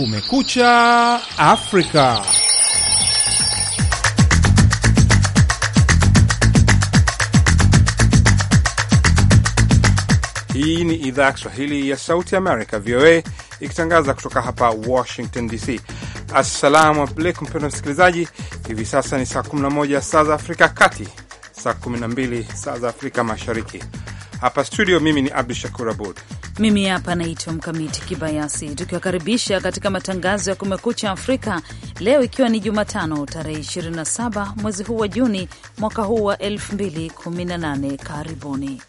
Kumekucha Afrika. Hii ni idhaa ya Kiswahili ya Sauti Amerika, VOA, ikitangaza kutoka hapa Washington DC. Assalamu alaikum mpendwa msikilizaji, hivi sasa ni saa 11 saa za Afrika kati, saa 12 saa za Afrika Mashariki. Hapa studio mimi ni Abdu Shakur Abud, mimi hapa naitwa Mkamiti Kibayasi, tukiwakaribisha katika matangazo ya Kumekucha Afrika leo, ikiwa ni Jumatano tarehe 27 mwezi huu wa Juni mwaka huu wa 2018. Karibuni.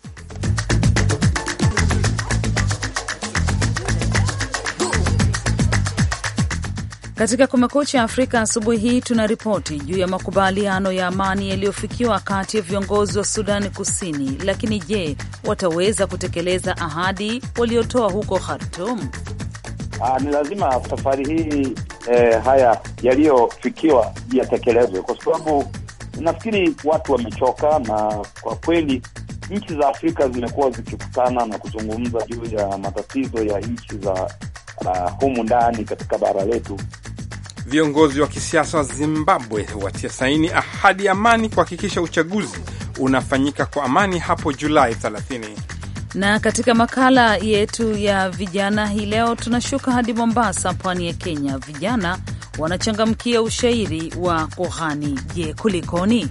Katika Kumekucha Afrika asubuhi hii tuna ripoti juu ya makubaliano ya amani yaliyofikiwa kati ya viongozi wa Sudani Kusini. Lakini je, wataweza kutekeleza ahadi waliotoa huko Khartum? Ah, ni lazima safari hii eh, haya yaliyofikiwa yatekelezwe, kwa sababu nafikiri watu wamechoka, na kwa kweli nchi za Afrika zimekuwa zikikutana na kuzungumza juu ya matatizo ya nchi za uh, humu ndani katika bara letu Viongozi wa kisiasa wa Zimbabwe watia saini ahadi ya amani kuhakikisha uchaguzi unafanyika kwa amani hapo Julai 30. Na katika makala yetu ya vijana hii leo tunashuka hadi Mombasa, pwani ya Kenya. Vijana wanachangamkia ushairi wa kohani. Je, kulikoni?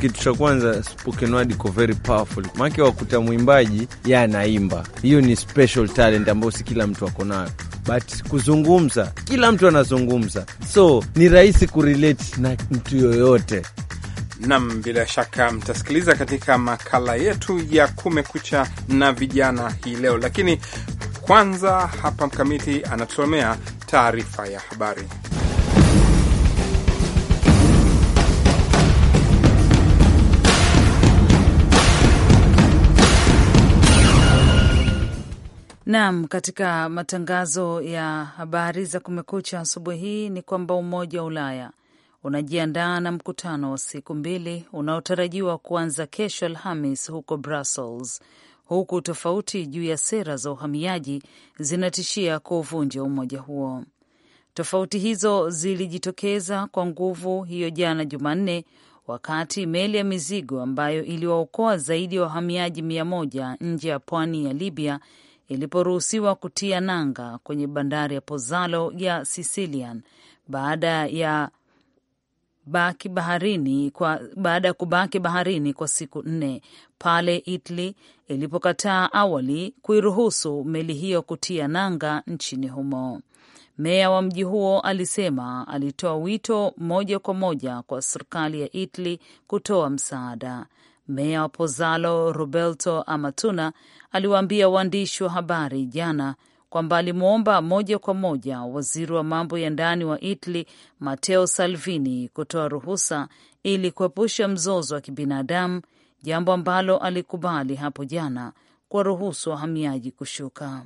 Kitu cha kwanza spoken word iko very powerful, maanake wakuta mwimbaji yanaimba, hiyo ni special talent ambayo si kila mtu ako nayo but kuzungumza, kila mtu anazungumza, so ni rahisi kurelate na mtu yoyote. Nam, bila shaka mtasikiliza katika makala yetu ya Kumekucha na vijana hii leo, lakini kwanza hapa Mkamiti anatusomea taarifa ya habari. Naam, katika matangazo ya habari za Kumekucha asubuhi hii ni kwamba Umoja wa Ulaya unajiandaa na mkutano wa siku mbili unaotarajiwa kuanza kesho Alhamis huko Brussels, huku tofauti juu ya sera za uhamiaji zinatishia kuuvunja umoja huo. Tofauti hizo zilijitokeza kwa nguvu hiyo jana Jumanne, wakati meli ya mizigo ambayo iliwaokoa zaidi ya wahamiaji mia moja nje ya pwani ya Libya iliporuhusiwa kutia nanga kwenye bandari ya Pozzallo ya Sicilian baada ya baki baharini kwa, baada ya kubaki baharini kwa siku nne pale Italy ilipokataa awali kuiruhusu meli hiyo kutia nanga nchini humo. Meya wa mji huo alisema alitoa wito moja kwa moja kwa serikali ya Italy kutoa msaada. Meya wa pozalo Roberto Amatuna aliwaambia waandishi wa habari jana kwamba alimwomba moja kwa moja waziri wa mambo ya ndani wa Italy Matteo Salvini kutoa ruhusa ili kuepusha mzozo wa kibinadamu, jambo ambalo alikubali hapo jana kuwaruhusu wahamiaji kushuka.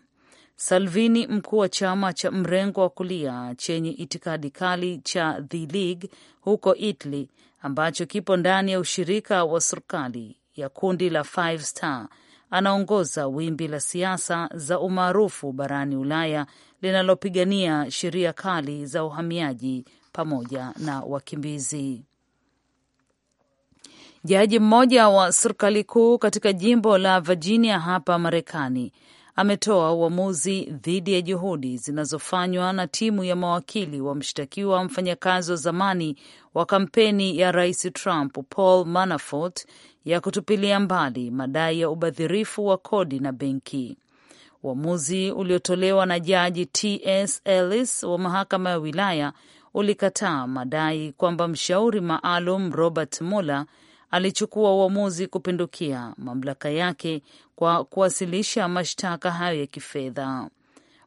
Salvini, mkuu wa chama cha mrengo wa kulia chenye itikadi kali cha The League huko Italy, ambacho kipo ndani ya ushirika wa serikali ya kundi la Five Star anaongoza wimbi la siasa za umaarufu barani Ulaya linalopigania sheria kali za uhamiaji pamoja na wakimbizi. Jaji mmoja wa serikali kuu katika jimbo la Virginia hapa Marekani ametoa uamuzi dhidi ya juhudi zinazofanywa na timu ya mawakili wa mshtakiwa mfanyakazi wa zamani wa kampeni ya Rais Trump Paul Manafort ya kutupilia mbali madai ya ubadhirifu wa kodi na benki. Uamuzi uliotolewa na Jaji TS Ellis wa mahakama ya wilaya ulikataa madai kwamba mshauri maalum Robert Mueller alichukua uamuzi kupindukia mamlaka yake kwa kuwasilisha mashtaka hayo ya kifedha.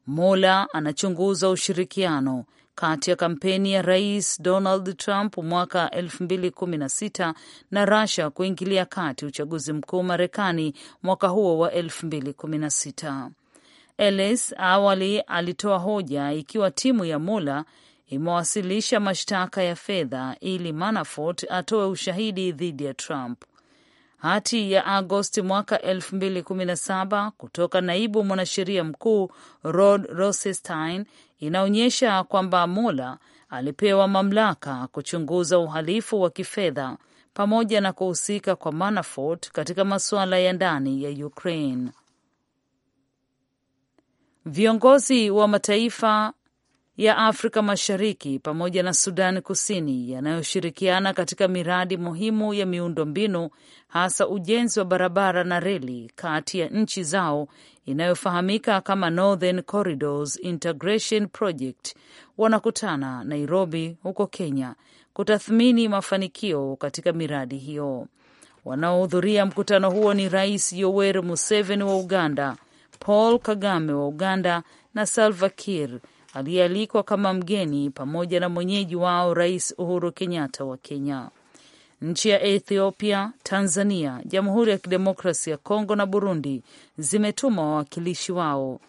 mola anachunguza ushirikiano kati ya kampeni ya Rais Donald Trump mwaka 2016 na Russia kuingilia kati uchaguzi mkuu Marekani mwaka huo wa 2016. Ellis awali alitoa hoja ikiwa timu ya Mueller imewasilisha mashtaka ya fedha ili Manafort atoe ushahidi dhidi ya Trump. Hati ya Agosti mwaka 2017 kutoka naibu mwanasheria mkuu Rod Rosenstein inaonyesha kwamba Mueller alipewa mamlaka kuchunguza uhalifu wa kifedha pamoja na kuhusika kwa Manafort katika masuala ya ndani ya Ukraine. Viongozi wa mataifa ya Afrika Mashariki pamoja na Sudan Kusini yanayoshirikiana katika miradi muhimu ya miundombinu hasa ujenzi wa barabara na reli kati ya nchi zao inayofahamika kama Northern Corridors Integration Project wanakutana Nairobi huko Kenya kutathmini mafanikio katika miradi hiyo. Wanaohudhuria mkutano huo ni Rais Yoweri Museveni wa Uganda, Paul Kagame wa Uganda na Salva Kiir aliyealikwa kama mgeni pamoja na mwenyeji wao Rais Uhuru Kenyatta wa Kenya. Nchi ya Ethiopia, Tanzania, Jamhuri ya Kidemokrasi ya Kongo na Burundi zimetuma wawakilishi wao.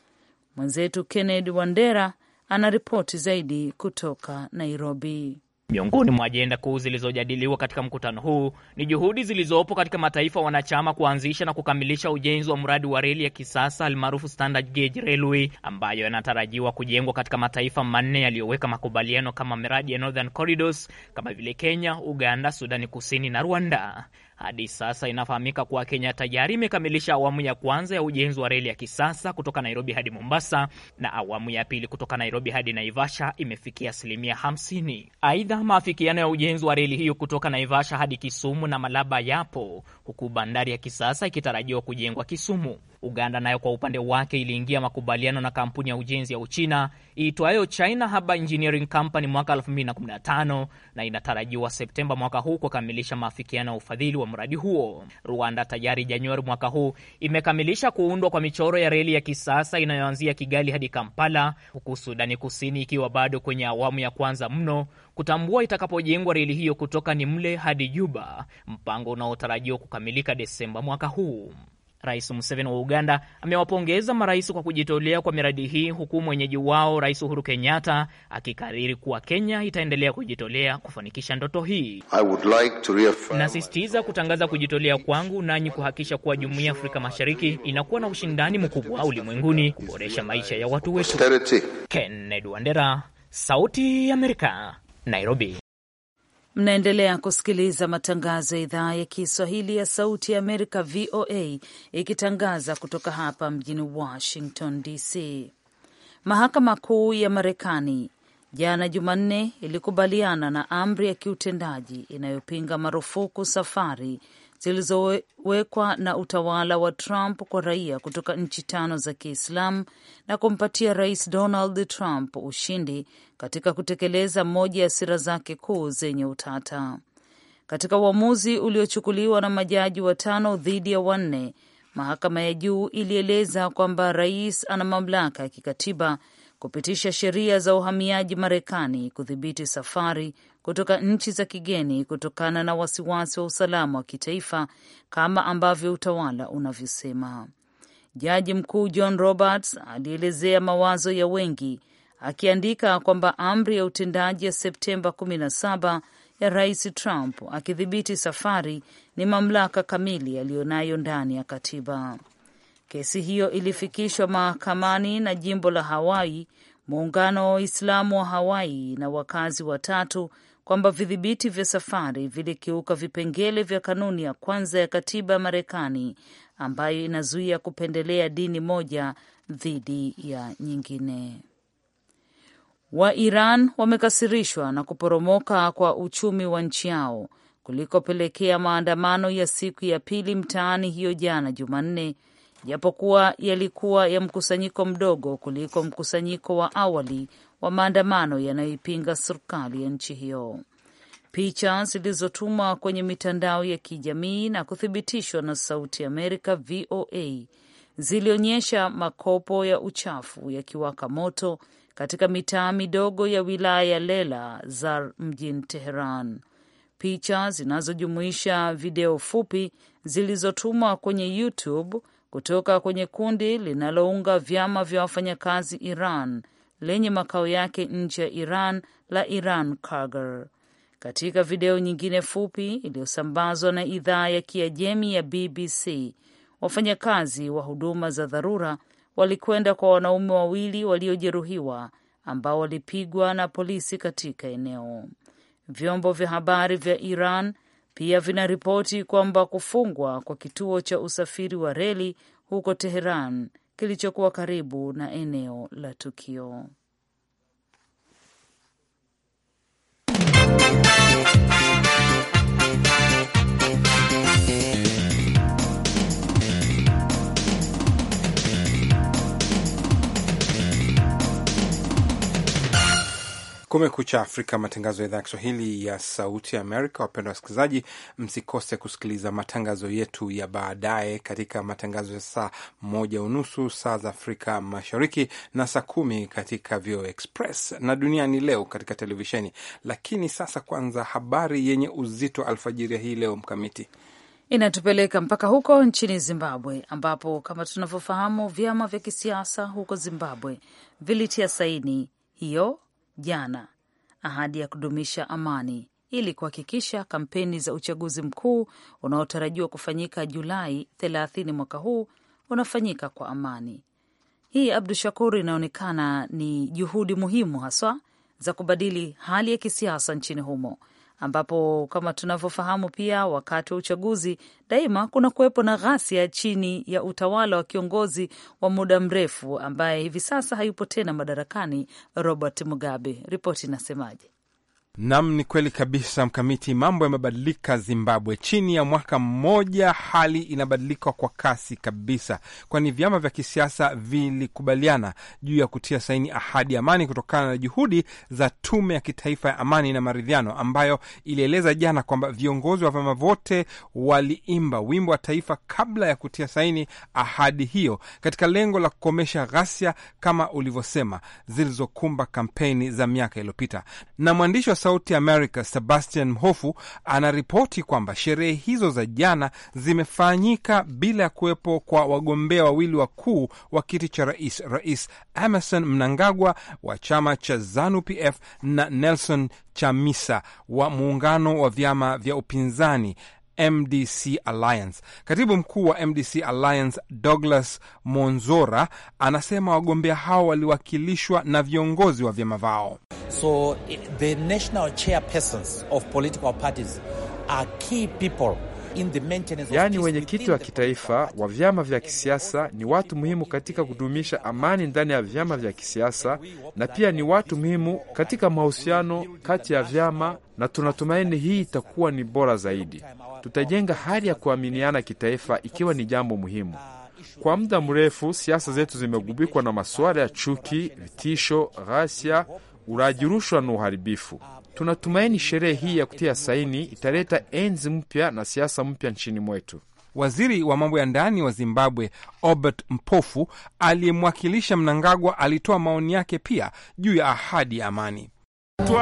Mwenzetu Kennedy Wandera ana ripoti zaidi kutoka Nairobi. Miongoni mwa ajenda kuu zilizojadiliwa katika mkutano huu ni juhudi zilizopo katika mataifa wanachama kuanzisha na kukamilisha ujenzi wa mradi wa reli ya kisasa almaarufu standard gauge railway ambayo yanatarajiwa kujengwa katika mataifa manne yaliyoweka makubaliano kama miradi ya Northern Corridors kama vile Kenya, Uganda, Sudani Kusini na Rwanda. Hadi sasa inafahamika kuwa Kenya tayari imekamilisha awamu ya kwanza ya ujenzi wa reli ya kisasa kutoka Nairobi hadi Mombasa, na awamu ya pili kutoka Nairobi hadi Naivasha imefikia asilimia 50. Aidha, maafikiano ya ujenzi wa reli hiyo kutoka Naivasha hadi Kisumu na Malaba yapo, huku bandari ya kisasa ikitarajiwa kujengwa Kisumu. Uganda nayo kwa upande wake iliingia makubaliano na kampuni ya ujenzi ya Uchina iitwayo China Harbour Engineering Company mwaka 2015 na inatarajiwa Septemba mwaka huu kukamilisha maafikiano ya ufadhili wa mradi huo. Rwanda tayari Januari mwaka huu imekamilisha kuundwa kwa michoro ya reli ya kisasa inayoanzia Kigali hadi Kampala, huku Sudani Kusini ikiwa bado kwenye awamu ya kwanza mno kutambua itakapojengwa reli hiyo kutoka Nimle hadi Juba, mpango unaotarajiwa kukamilika Desemba mwaka huu. Rais Museveni wa Uganda amewapongeza marais kwa kujitolea kwa miradi hii, huku mwenyeji wao Rais Uhuru Kenyatta akikariri kuwa Kenya itaendelea kujitolea kufanikisha ndoto hii. Like nasisitiza kutangaza kujitolea kwangu nanyi kuhakikisha kuwa Jumuiya ya Afrika Mashariki inakuwa na ushindani mkubwa ulimwenguni kuboresha maisha ya watu wetu. Kennedy Wandera, Sauti ya Amerika, Nairobi. Mnaendelea kusikiliza matangazo ya idhaa ya Kiswahili ya Sauti ya Amerika, VOA, ikitangaza kutoka hapa mjini Washington DC. Mahakama Kuu ya Marekani jana Jumanne ilikubaliana na amri ya kiutendaji inayopinga marufuku safari zilizowekwa na utawala wa Trump kwa raia kutoka nchi tano za Kiislamu na kumpatia Rais Donald Trump ushindi katika kutekeleza moja ya sera zake kuu zenye utata. Katika uamuzi uliochukuliwa na majaji watano dhidi ya wanne, mahakama ya juu ilieleza kwamba rais ana mamlaka ya kikatiba kupitisha sheria za uhamiaji Marekani, kudhibiti safari, kutoka nchi za kigeni kutokana na wasiwasi wa usalama wa kitaifa kama ambavyo utawala unavyosema. Jaji Mkuu John Roberts alielezea mawazo ya wengi akiandika kwamba amri ya utendaji ya Septemba 17 ya Rais Trump akidhibiti safari ni mamlaka kamili aliyonayo ndani ya katiba. Kesi hiyo ilifikishwa mahakamani na jimbo la Hawaii, muungano wa Waislamu wa Hawaii na wakazi watatu kwamba vidhibiti vya safari vilikiuka vipengele vya kanuni ya kwanza ya katiba ya Marekani ambayo inazuia kupendelea dini moja dhidi ya nyingine. Wa Iran wamekasirishwa na kuporomoka kwa uchumi wa nchi yao kulikopelekea maandamano ya siku ya pili mtaani hiyo jana Jumanne, japokuwa yalikuwa ya mkusanyiko mdogo kuliko mkusanyiko wa awali wa maandamano yanayoipinga serikali ya nchi hiyo. Picha zilizotumwa kwenye mitandao ya kijamii na kuthibitishwa na Sauti Amerika VOA zilionyesha makopo ya uchafu yakiwaka moto katika mitaa midogo ya wilaya ya Lela Zar mjini Teheran. Picha zinazojumuisha video fupi zilizotumwa kwenye YouTube kutoka kwenye kundi linalounga vyama vya wafanyakazi Iran lenye makao yake nje ya Iran la Iran Kargar. Katika video nyingine fupi iliyosambazwa na idhaa ya Kiajemi ya BBC, wafanyakazi wa huduma za dharura walikwenda kwa wanaume wawili waliojeruhiwa ambao walipigwa na polisi katika eneo. Vyombo vya habari vya Iran pia vinaripoti kwamba kufungwa kwa kituo cha usafiri wa reli huko Teheran kilichokuwa karibu na eneo la tukio. Kumekucha Afrika, matangazo ya idhaa ya Kiswahili ya Sauti Amerika. Wapendwa wasikilizaji, msikose kusikiliza matangazo yetu ya baadaye katika matangazo ya saa moja unusu saa za Afrika Mashariki na saa kumi katika VOA Express na Duniani Leo katika televisheni. Lakini sasa kwanza, habari yenye uzito alfajiri hii leo mkamiti inatupeleka mpaka huko nchini Zimbabwe ambapo kama tunavyofahamu vyama vya kisiasa huko Zimbabwe vilitia saini hiyo jana ahadi ya kudumisha amani ili kuhakikisha kampeni za uchaguzi mkuu unaotarajiwa kufanyika Julai 30 mwaka huu unafanyika kwa amani. Hii Abdu Shakur, inaonekana ni juhudi muhimu haswa za kubadili hali ya kisiasa nchini humo ambapo kama tunavyofahamu pia wakati wa uchaguzi daima kuna kuwepo na ghasia chini ya utawala wa kiongozi wa muda mrefu ambaye hivi sasa hayupo tena madarakani, Robert Mugabe. Ripoti inasemaje? Nam, ni kweli kabisa Mkamiti, mambo yamebadilika Zimbabwe. Chini ya mwaka mmoja, hali inabadilika kwa kasi kabisa, kwani vyama vya kisiasa vilikubaliana juu ya kutia saini ahadi ya amani kutokana na juhudi za tume ya kitaifa ya amani na maridhiano, ambayo ilieleza jana kwamba viongozi wa vyama vyote waliimba wimbo wa taifa kabla ya kutia saini ahadi hiyo, katika lengo la kukomesha ghasia kama ulivyosema zilizokumba kampeni za miaka iliyopita. Na mwandishi wa Sauti America Sebastian Mhofu anaripoti kwamba sherehe hizo za jana zimefanyika bila ya kuwepo kwa wagombea wawili wakuu wa kiti cha rais, Rais Emerson Mnangagwa wa chama cha ZANU-PF na Nelson Chamisa wa muungano wa vyama vya upinzani MDC Alliance. Katibu mkuu wa MDC Alliance Douglas Monzora anasema wagombea hao waliwakilishwa na viongozi wa vyama vao. So eh, the national chairpersons of political parties are key people yaani wenyekiti wa kitaifa wa vyama vya kisiasa ni watu muhimu katika kudumisha amani ndani ya vyama vya kisiasa na pia ni watu muhimu katika mahusiano kati ya vyama, na tunatumaini hii itakuwa ni bora zaidi. Tutajenga hali ya kuaminiana kitaifa, ikiwa ni jambo muhimu. Kwa muda mrefu siasa zetu zimegubikwa na masuala ya chuki, vitisho, ghasia, urajirushwa rushwa na uharibifu. Tunatumaini sherehe hii ya kutia saini italeta enzi mpya na siasa mpya nchini mwetu. Waziri wa mambo ya ndani wa Zimbabwe Obert Mpofu aliyemwakilisha Mnangagwa alitoa maoni yake pia juu ya ahadi ya amani. Uh,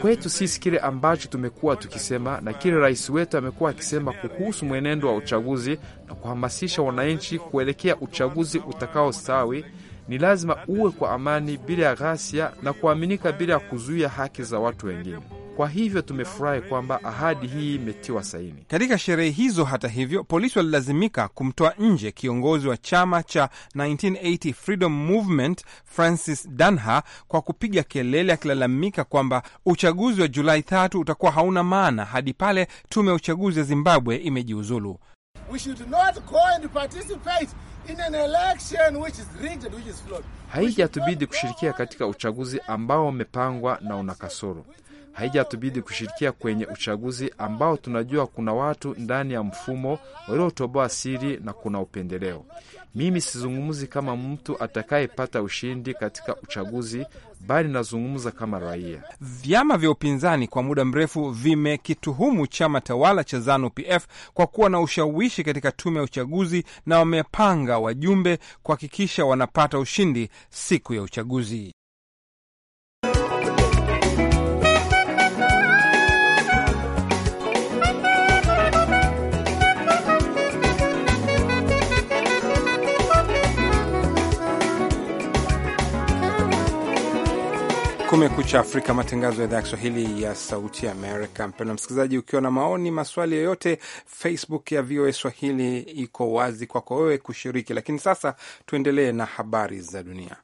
Kwetu sisi kile ambacho tumekuwa tukisema na kile rais wetu amekuwa akisema kuhusu mwenendo wa uchaguzi na kuhamasisha wananchi kuelekea uchaguzi utakaostawi ni lazima uwe kwa amani bila ya ghasia na kuaminika bila ya kuzuia haki za watu wengine. Kwa hivyo tumefurahi kwamba ahadi hii imetiwa saini katika sherehe hizo. Hata hivyo, polisi walilazimika kumtoa nje kiongozi wa chama cha 1980 Freedom Movement Francis Danha kwa kupiga kelele akilalamika kwamba uchaguzi wa Julai 3 utakuwa hauna maana hadi pale tume ya uchaguzi ya Zimbabwe imejiuzulu. We Haijatubidi kushirikia katika uchaguzi ambao umepangwa na una kasoro. Haijatubidi kushirikia kwenye uchaguzi ambao tunajua kuna watu ndani ya mfumo waliotoboa siri na kuna upendeleo. Mimi sizungumzi kama mtu atakayepata ushindi katika uchaguzi bali nazungumza kama raia. Vyama vya upinzani kwa muda mrefu vimekituhumu chama tawala cha Zanu PF kwa kuwa na ushawishi katika tume ya uchaguzi na wamepanga wajumbe kuhakikisha wanapata ushindi siku ya uchaguzi. Kumekucha Afrika, matangazo ya idhaa ya Kiswahili ya Sauti Amerika. Mpendwa msikilizaji, ukiwa na maoni, maswali yoyote, Facebook ya VOA Swahili iko wazi kwako wewe kushiriki. Lakini sasa tuendelee na habari za dunia.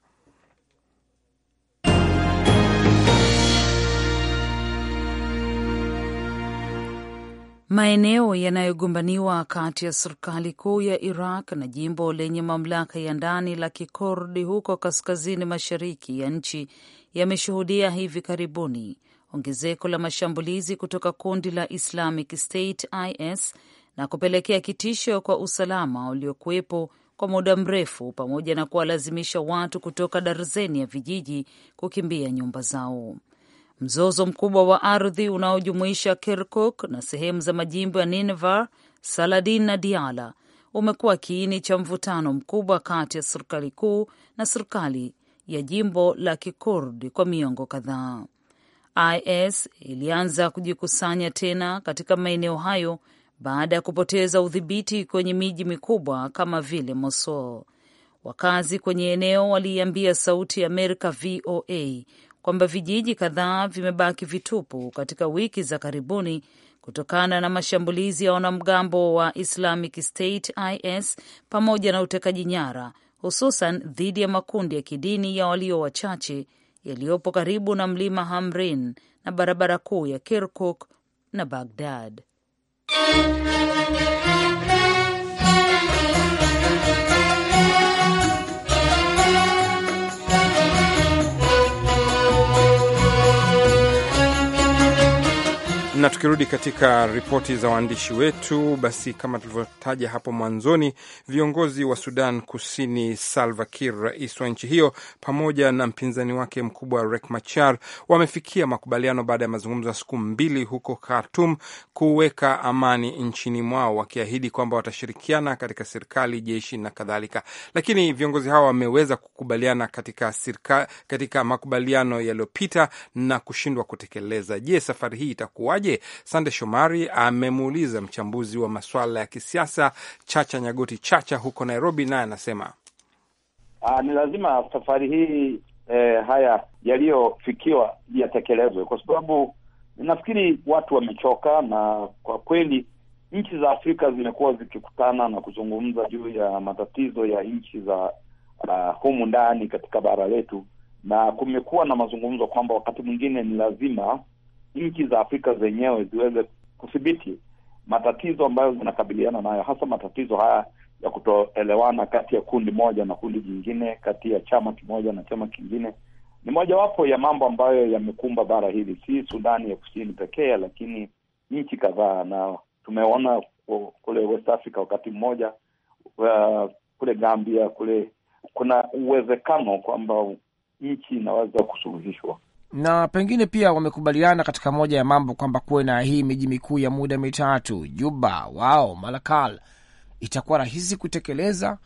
Maeneo yanayogombaniwa kati ya serikali kuu ya Iraq na jimbo lenye mamlaka ya ndani la Kikurdi huko kaskazini mashariki ya nchi yameshuhudia hivi karibuni ongezeko la mashambulizi kutoka kundi la Islamic State IS na kupelekea kitisho kwa usalama uliokuwepo kwa muda mrefu pamoja na kuwalazimisha watu kutoka darzeni ya vijiji kukimbia nyumba zao. Mzozo mkubwa wa ardhi unaojumuisha Kirkuk na sehemu za majimbo ya ninevar Saladin na diala umekuwa kiini cha mvutano mkubwa kati ya serikali kuu na serikali ya jimbo la Kikurdi kwa miongo kadhaa. IS ilianza kujikusanya tena katika maeneo hayo baada ya kupoteza udhibiti kwenye miji mikubwa kama vile Mosul. Wakazi kwenye eneo waliiambia Sauti ya Amerika VOA kwamba vijiji kadhaa vimebaki vitupu katika wiki za karibuni kutokana na mashambulizi ya wanamgambo wa Islamic State IS pamoja na utekaji nyara, hususan dhidi ya makundi ya kidini ya walio wachache yaliyopo karibu na mlima Hamrin na barabara kuu ya Kirkuk na Bagdad. Na tukirudi katika ripoti za waandishi wetu, basi kama tulivyotaja hapo mwanzoni, viongozi wa Sudan Kusini, Salva Kiir, rais wa nchi hiyo, pamoja na mpinzani wake mkubwa Riek Machar wamefikia makubaliano baada ya mazungumzo ya siku mbili huko khartum kuweka amani nchini mwao, wakiahidi kwamba watashirikiana katika serikali, jeshi na kadhalika. Lakini viongozi hawa wameweza kukubaliana katika, sirka, katika makubaliano yaliyopita na kushindwa kutekeleza. Je, safari hii itakuwaje? je? Sande Shomari amemuuliza mchambuzi wa masuala ya kisiasa Chacha Nyagoti Chacha huko Nairobi, naye anasema ah, ni lazima safari hii eh, haya yaliyofikiwa yatekelezwe, kwa sababu nafikiri watu wamechoka, na kwa kweli nchi za Afrika zimekuwa zikikutana na kuzungumza juu ya matatizo ya nchi za uh, humu ndani katika bara letu, na kumekuwa na mazungumzo kwamba wakati mwingine ni lazima nchi za Afrika zenyewe ziweze kudhibiti matatizo ambayo zinakabiliana nayo, hasa matatizo haya ya kutoelewana kati ya kundi moja na kundi jingine, kati ya chama kimoja na chama kingine. Ni mojawapo ya mambo ambayo yamekumba bara hili, si Sudani ya Kusini pekee, lakini nchi kadhaa, na tumeona kule West Africa wakati mmoja, uh, kule Gambia, kule kuna uwezekano kwamba nchi inaweza kusuluhishwa na pengine pia wamekubaliana katika moja ya mambo kwamba kuwe na hii miji mikuu ya muda mitatu, Juba wao Malakal, itakuwa rahisi kutekeleza.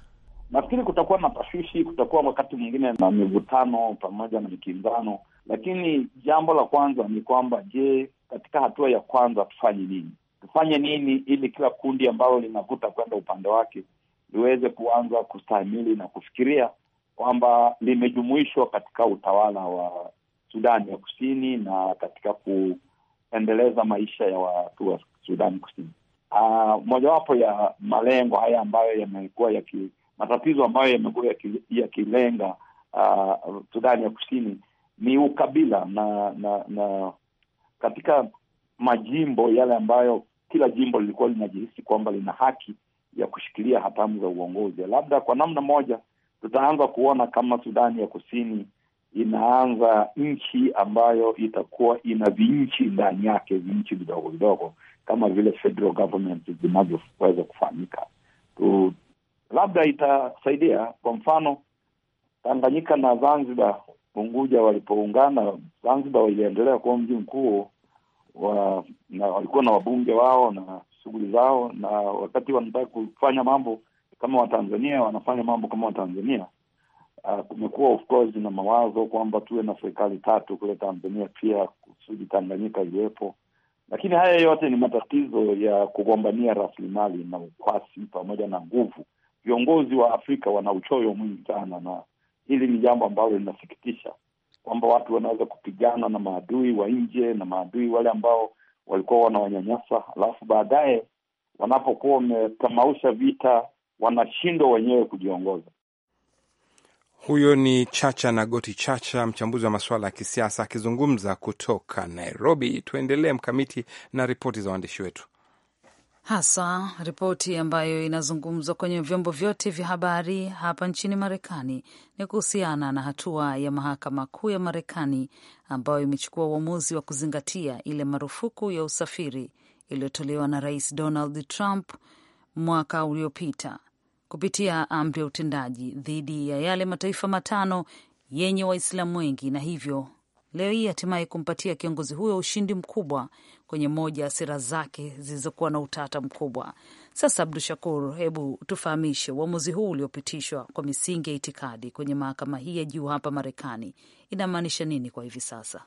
Nafikiri kutakuwa na tashwishi, kutakuwa wakati mwingine na mivutano pamoja na mikinzano, lakini jambo la kwanza ni kwamba, je, katika hatua ya kwanza tufanye nini? Tufanye nini ili kila kundi ambalo linavuta kwenda upande wake liweze kuanza kustahimili na kufikiria kwamba limejumuishwa katika utawala wa Sudani ya Kusini na katika kuendeleza maisha ya watu wa Sudani Kusini. Uh, mojawapo ya malengo haya ambayo yamekuwa yaki matatizo ambayo yamekuwa yakilenga uh, Sudani ya Kusini ni ukabila na na na katika majimbo yale ambayo kila jimbo lilikuwa linajihisi kwamba lina haki ya kushikilia hatamu za uongozi. Labda kwa namna moja tutaanza kuona kama Sudani ya Kusini inaanza nchi ambayo itakuwa ina vinchi ndani yake, vinchi vidogo vidogo kama vile federal government zinavyoweza kufanyika tu, labda itasaidia. Kwa mfano Tanganyika na Zanzibar, Unguja walipoungana, Zanzibar waliendelea kuwa mji mkuu wa, na walikuwa na wabunge wao na shughuli zao, na wakati wanataka kufanya mambo kama Watanzania wanafanya mambo kama Watanzania Uh, kumekuwa of course na mawazo kwamba tuwe na serikali tatu kule Tanzania pia kusudi Tanganyika iliwepo lakini haya yote ni matatizo ya kugombania rasilimali na ukwasi pamoja na nguvu. Viongozi wa Afrika wana uchoyo mwingi sana, na hili ni jambo ambalo linasikitisha kwamba watu wanaweza kupigana na maadui wa nje na maadui wale ambao walikuwa wanawanyanyasa, alafu baadaye wanapokuwa wametamausha vita wanashindwa wenyewe kujiongoza. Huyo ni Chacha na Goti Chacha, mchambuzi wa masuala ya kisiasa akizungumza kutoka Nairobi. Tuendelee mkamiti na ripoti za waandishi wetu, hasa ripoti ambayo inazungumzwa kwenye vyombo vyote vya habari hapa nchini Marekani ni kuhusiana na hatua ya mahakama kuu ya Marekani ambayo imechukua uamuzi wa kuzingatia ile marufuku ya usafiri iliyotolewa na Rais Donald Trump mwaka uliopita kupitia amri ya utendaji dhidi ya yale mataifa matano yenye Waislamu wengi na hivyo leo hii hatimaye kumpatia kiongozi huyo ushindi mkubwa kwenye moja ya sera zake zilizokuwa na utata mkubwa. Sasa Abdu Shakur, hebu tufahamishe uamuzi huu uliopitishwa kwa misingi ya itikadi kwenye mahakama hii ya juu hapa Marekani inamaanisha nini kwa hivi sasa?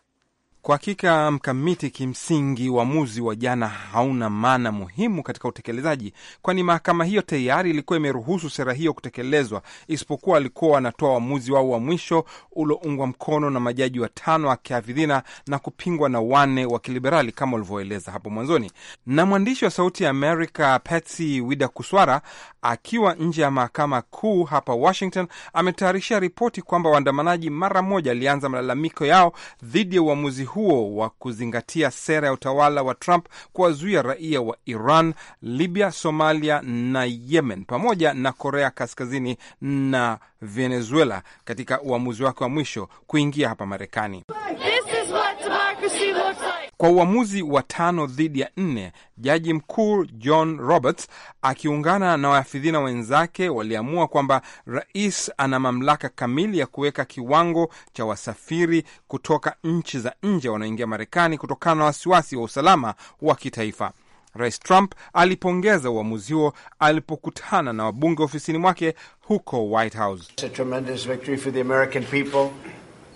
Kwa hakika mkamiti, kimsingi uamuzi wa jana hauna maana muhimu katika utekelezaji, kwani mahakama hiyo tayari ilikuwa imeruhusu sera hiyo kutekelezwa, isipokuwa walikuwa wanatoa uamuzi wao wa mwisho ulioungwa mkono na majaji watano wa kihafidhina na kupingwa na wanne wa kiliberali, kama ulivyoeleza hapo mwanzoni. Na mwandishi wa Sauti ya Amerika Patsy Widakuswara akiwa nje ya mahakama kuu hapa Washington ametayarishia ripoti kwamba waandamanaji mara moja alianza malalamiko yao dhidi ya uamuzi huo wa kuzingatia sera ya utawala wa Trump kuwazuia raia wa Iran, Libya, Somalia na Yemen pamoja na Korea Kaskazini na Venezuela katika uamuzi wake wa mwisho kuingia hapa Marekani. Kwa uamuzi wa tano dhidi ya nne, jaji mkuu John Roberts akiungana na waafidhina wenzake waliamua kwamba rais ana mamlaka kamili ya kuweka kiwango cha wasafiri kutoka nchi za nje wanaoingia Marekani kutokana na wasiwasi wa usalama wa kitaifa. Rais Trump alipongeza uamuzi huo alipokutana na wabunge ofisini mwake huko White House.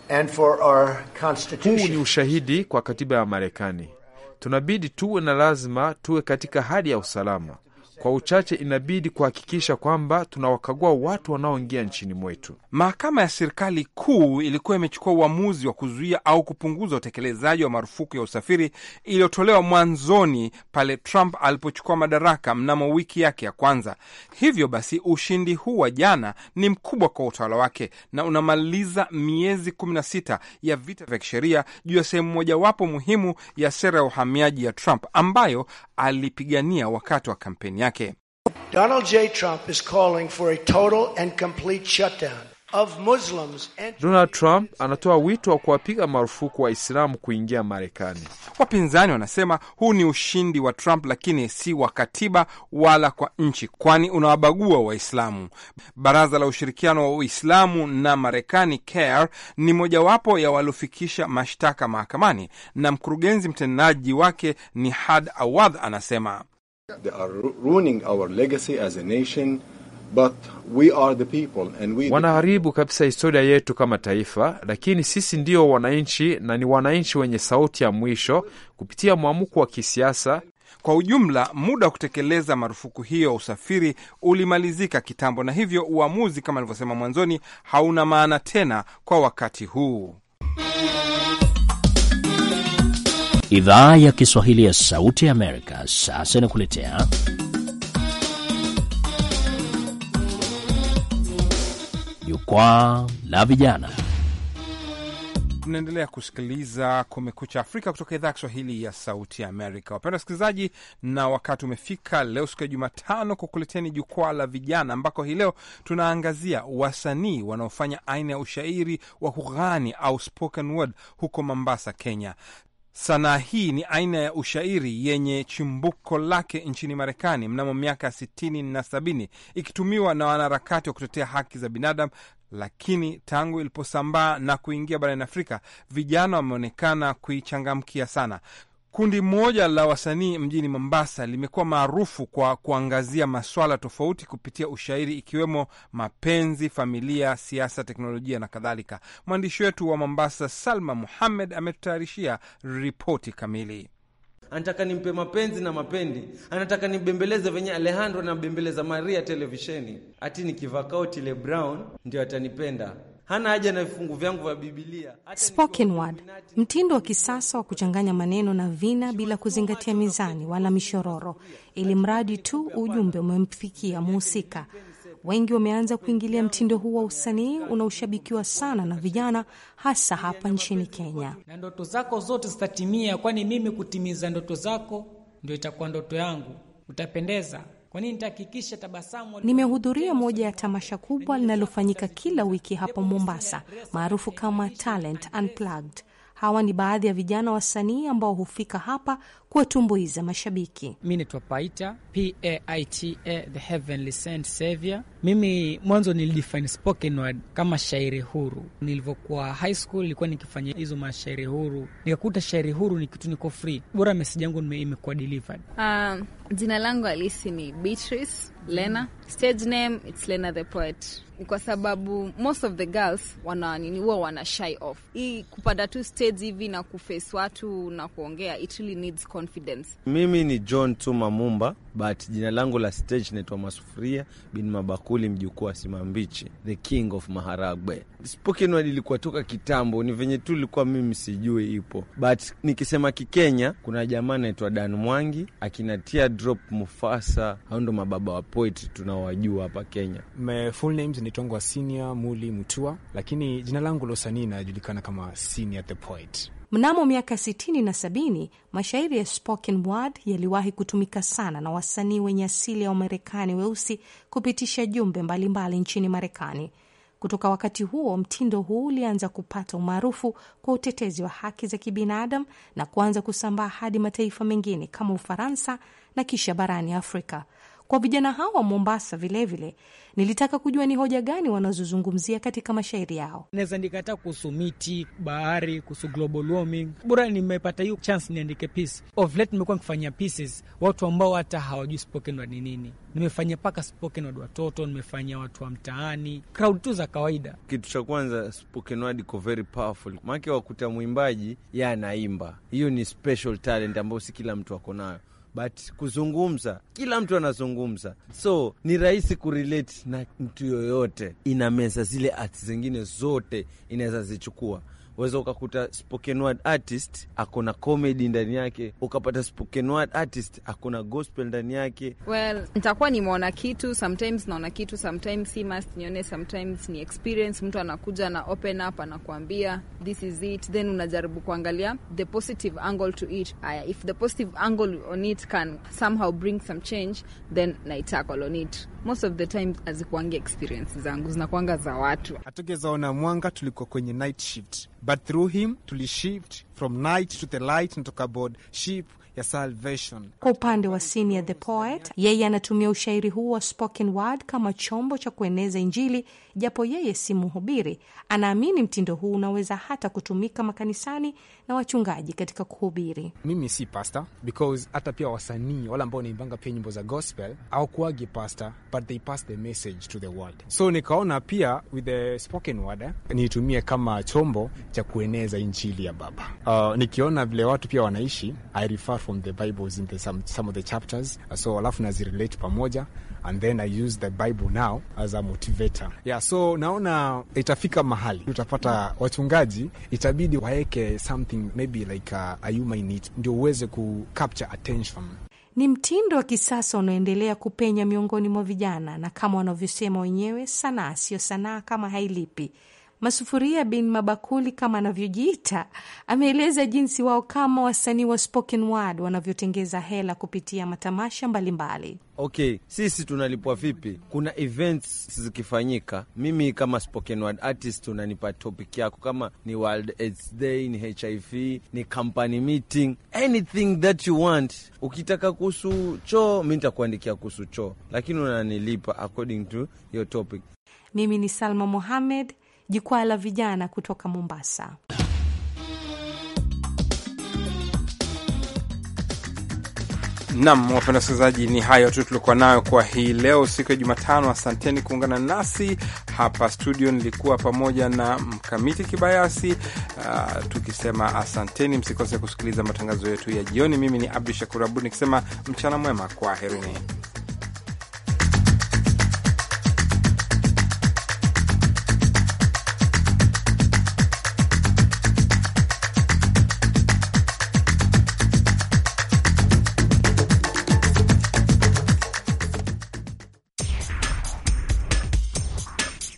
And for our Constitution. Huu ni ushahidi kwa katiba ya Marekani. Tunabidi tuwe na lazima tuwe katika hali ya usalama. Kwa uchache inabidi kuhakikisha kwamba tunawakagua watu wanaoingia nchini mwetu. Mahakama ya serikali kuu ilikuwa imechukua uamuzi wa kuzuia au kupunguza utekelezaji wa marufuku ya usafiri iliyotolewa mwanzoni pale Trump alipochukua madaraka mnamo wiki yake ya kwanza. Hivyo basi ushindi huu wa jana ni mkubwa kwa utawala wake na unamaliza miezi 16 ya vita vya kisheria juu ya sehemu mojawapo muhimu ya sera ya uhamiaji ya Trump ambayo alipigania wakati wa kampeni yake. Donald J. Trump is calling for a total and complete shutdown Donald Trump anatoa wito wa kuwapiga marufuku Waislamu kuingia Marekani. Wapinzani wanasema huu ni ushindi wa Trump, lakini si wa katiba wala kwa nchi, kwani unawabagua Waislamu. Baraza la Ushirikiano wa Uislamu na Marekani, CARE, ni mojawapo ya waliofikisha mashtaka mahakamani, na mkurugenzi mtendaji wake ni Had Awad anasema They are But we are the people and we... wanaharibu kabisa historia yetu kama taifa, lakini sisi ndio wananchi na ni wananchi wenye sauti ya mwisho kupitia mwamko wa kisiasa. Kwa ujumla, muda wa kutekeleza marufuku hiyo ya usafiri ulimalizika kitambo, na hivyo uamuzi, kama alivyosema mwanzoni, hauna maana tena kwa wakati huu. Idhaa ya Kiswahili ya Sauti ya Amerika sasa inakuletea Jukwaa la Vijana. Tunaendelea kusikiliza Kumekucha Afrika kutoka idhaa ya Kiswahili ya Sauti Amerika. Wapenda wasikilizaji, na wakati umefika leo, siku ya Jumatano, kukuleteni Jukwaa la Vijana, ambako hii leo tunaangazia wasanii wanaofanya aina ya ushairi wa kughani au spoken word huko Mombasa, Kenya. Sanaa hii ni aina ya ushairi yenye chimbuko lake nchini Marekani mnamo miaka ya sitini na sabini, ikitumiwa na wanaharakati wa kutetea haki za binadamu. Lakini tangu iliposambaa na kuingia barani Afrika, vijana wameonekana kuichangamkia sana. Kundi moja la wasanii mjini Mombasa limekuwa maarufu kwa kuangazia maswala tofauti kupitia ushairi ikiwemo mapenzi, familia, siasa, teknolojia na kadhalika. Mwandishi wetu wa Mombasa Salma Muhammed ametutayarishia ripoti kamili. Anataka nimpe mapenzi na mapendi, anataka nibembeleze venye Alejandro anabembeleza Maria televisheni, ati nikivaa koti le brown ndio atanipenda hana haja na vifungu vyangu vya Bibilia. Spoken word, mtindo wa kisasa wa kuchanganya maneno na vina bila kuzingatia mizani wala mishororo, ili mradi tu ujumbe umemfikia mhusika. Wengi wameanza kuingilia mtindo huu wa usanii unaoshabikiwa sana na vijana, hasa hapa nchini Kenya. Na ndoto zako zote zitatimia, kwani mimi kutimiza ndoto zako ndio itakuwa ndoto yangu. Utapendeza. Kwa nini nitahakikisha tabasamu. Nimehudhuria moja ya tamasha kubwa linalofanyika kila wiki hapo Mombasa, maarufu kama Talent Unplugged. Hawa ni baadhi ya vijana wasanii ambao hufika hapa kuwatumbuiza mashabiki. Mi naitwa Paita, P A I T A, the heavenly sent savior mimi mwanzo nilidefine spoken word kama shairi huru. Nilivyokuwa high school nilikuwa nikifanya hizo mashairi huru, nikakuta shairi huru ni kitu, niko free, bora message yangu imekuwa delivered. Uh, jina langu halisi ni Beatrice Lena, stage name it's Lena the Poet. Ni kwa sababu most of the girls wana nini, huwa wana shy off hii kupanda tu stage hivi na kuface watu na kuongea, it really needs confidence. Mimi ni John Tuma Mumba but jina langu la stage naitwa Masufuria bin Mabakuli, mjukuu wa Simambichi, the king of maharagwe. Spoken word ilikuwa toka kitambo, ni venye tu ilikuwa mimi sijui ipo, but nikisema Kikenya, kuna jamaa naitwa Dan Mwangi, akina Teardrop Mufasa, hao ndo mababa wa poetry tunaowajua hapa Kenya. My full names ni Tongwa Senior Muli Mutua, lakini jina langu la usanii inajulikana kama Senior the Poet. Mnamo miaka 60 na 70 mashairi ya spoken word yaliwahi kutumika sana na wasanii wenye asili ya Wamarekani weusi kupitisha jumbe mbalimbali mbali nchini Marekani. Kutoka wakati huo mtindo huu ulianza kupata umaarufu kwa utetezi wa haki za kibinadamu na kuanza kusambaa hadi mataifa mengine kama Ufaransa na kisha barani Afrika. Kwa vijana hao wa Mombasa vilevile vile, nilitaka kujua ni hoja gani wanazozungumzia katika mashairi yao. Naweza ndikata kuhusu miti, bahari, kuhusu global warming. Bora nimepata hiyo chance niandike piece. Of late nimekuwa nikifanya pieces watu ambao hata hawajui spoken word ni nini. Nimefanya mpaka spoken word watoto, nimefanya watu wa mtaani, crowd tu za kawaida. Kitu cha kwanza spoken word iko very powerful, maanake wakuta mwimbaji yanaimba, anaimba, hiyo ni special talent ambayo si kila mtu ako nayo but kuzungumza, kila mtu anazungumza, so ni rahisi kurelate na mtu yoyote. Ina meza zile arts zingine zote inaweza zichukua waweza ukakuta spoken word artist akona comedy ndani yake, ukapata spoken word artist akona gospel ndani yake. Well, nitakuwa nimeona kitu sometimes, naona kitu sometimes, si must nione, sometimes ni experience. Mtu anakuja na open up, anakuambia this is it, then unajaribu kuangalia the positive angle to it. Aya, if the positive angle on it can somehow bring some change, then naitako on it most of the time hazikuangi experience zangu, zinakuanga za watu. Hatugezaona mwanga, tulikuwa kwenye night shift, but through him tulishift from night to the light and talk about ship ya salvation. Kwa upande wa Senior the Poet, yeye anatumia ushairi huu wa spoken word kama chombo cha kueneza Injili, japo yeye si mhubiri. Anaamini mtindo huu unaweza hata kutumika makanisani na wachungaji katika kuhubiri. Mimi si pasta because hata pia wasanii wale ambao wanaimbanga pia nyimbo za gospel au kuagi pasta but they pass the message to the world, so nikaona pia with the spoken word eh, niitumie kama chombo cha kueneza injili ya Baba. Uh, nikiona vile watu pia wanaishi I refer from the Bibles in the some, some of the chapters so alafu nazirelate pamoja and then I use the Bible now as a motivator. Yeah, so naona itafika mahali utapata wachungaji itabidi waeke something maybe like a, uh, a human ndio uweze ku capture attention. Ni mtindo wa kisasa unaoendelea kupenya miongoni mwa vijana, na kama wanavyosema wenyewe, sanaa sio sanaa kama hailipi. Masufuria bin Mabakuli kama anavyojiita ameeleza jinsi wao kama wasanii wa spoken word wanavyotengeza hela kupitia matamasha mbalimbali mbali. Okay, sisi tunalipwa vipi? Kuna events zikifanyika, mimi kama spoken word artist unanipa topic yako, kama ni World AIDS Day, ni HIV, ni company meeting, anything that you want. Ukitaka kuhusu choo, mi nitakuandikia kuhusu choo, lakini unanilipa according to your topic. Mimi ni Salma Mohamed jukwaa la vijana kutoka Mombasa. Nam, wapenda wasikilizaji, ni hayo tu tuliokuwa nayo kwa hii leo, siku ya Jumatano. Asanteni kuungana nasi hapa studio. Nilikuwa pamoja na Mkamiti Kibayasi. Uh, tukisema asanteni, msikose kusikiliza matangazo yetu ya jioni. Mimi ni Abdu Shakur Abud nikisema mchana mwema, kwaherini.